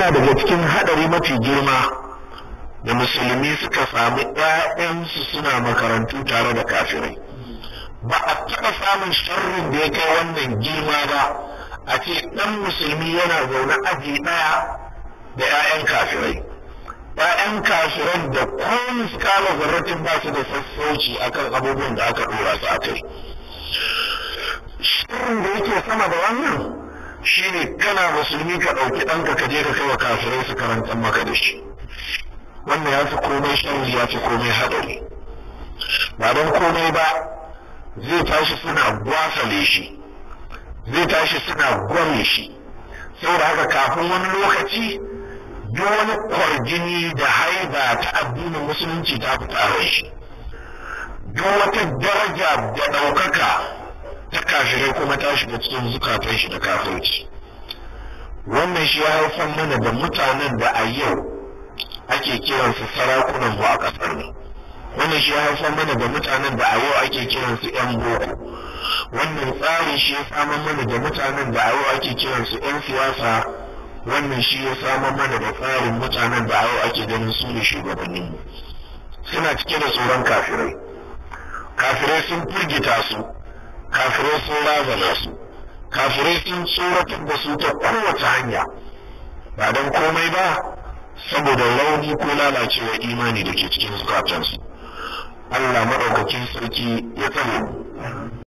yana daga cikin haɗari mafi girma da musulmi suka samu ƴaƴansu suna makarantu tare da kafirai ba a taɓa samun sharrin da ya kai wannan girma ba a ce ɗan musulmi yana zaune aji ɗaya da ‘ya'yan kafirai ‘ya'yan kafirai da kun skala zarratin ba su da sassauci akan abubuwan da aka ɗora su a kai Shirin da yake sama da wannan shine kana musulmi ka ɗauki ɗanka ka je ka kai wa kafirai su karantar maka da shi wannan ya fi komai sharri ya fi komai haɗari ba don komai ba zai tashi suna gwasale shi zai tashi suna gwame shi saboda haka kafin wani lokaci duk wani kwarjini da haiba ta addinin musulunci ta fi tsaron shi duk wata daraja da ɗauka kuma ta shiga cikin zukatan shi da kafirci wannan shi ya haifar mana da mutanen da a yau ake kiransu sarakunan mu a ƙasar mu wannan shi ya haifar mana da mutanen da a yau ake kiransu 'yan boko wannan tsarin shi ya samar mana da mutanen da a yau ake kiransu 'yan siyasa wannan shi ya samar mana da tsarin mutanen da a yau ake ganin su ne shugabanninmu suna cike da tsoron kafirai kafirai sun firgita su kafirai sun razana nasu. kafirai sun tsoratar da su ta kowace hanya ba don komai ba saboda rauni ko lalacewa imani da ke cikin zukatansu Allah maɗaukakin sarki ya tsare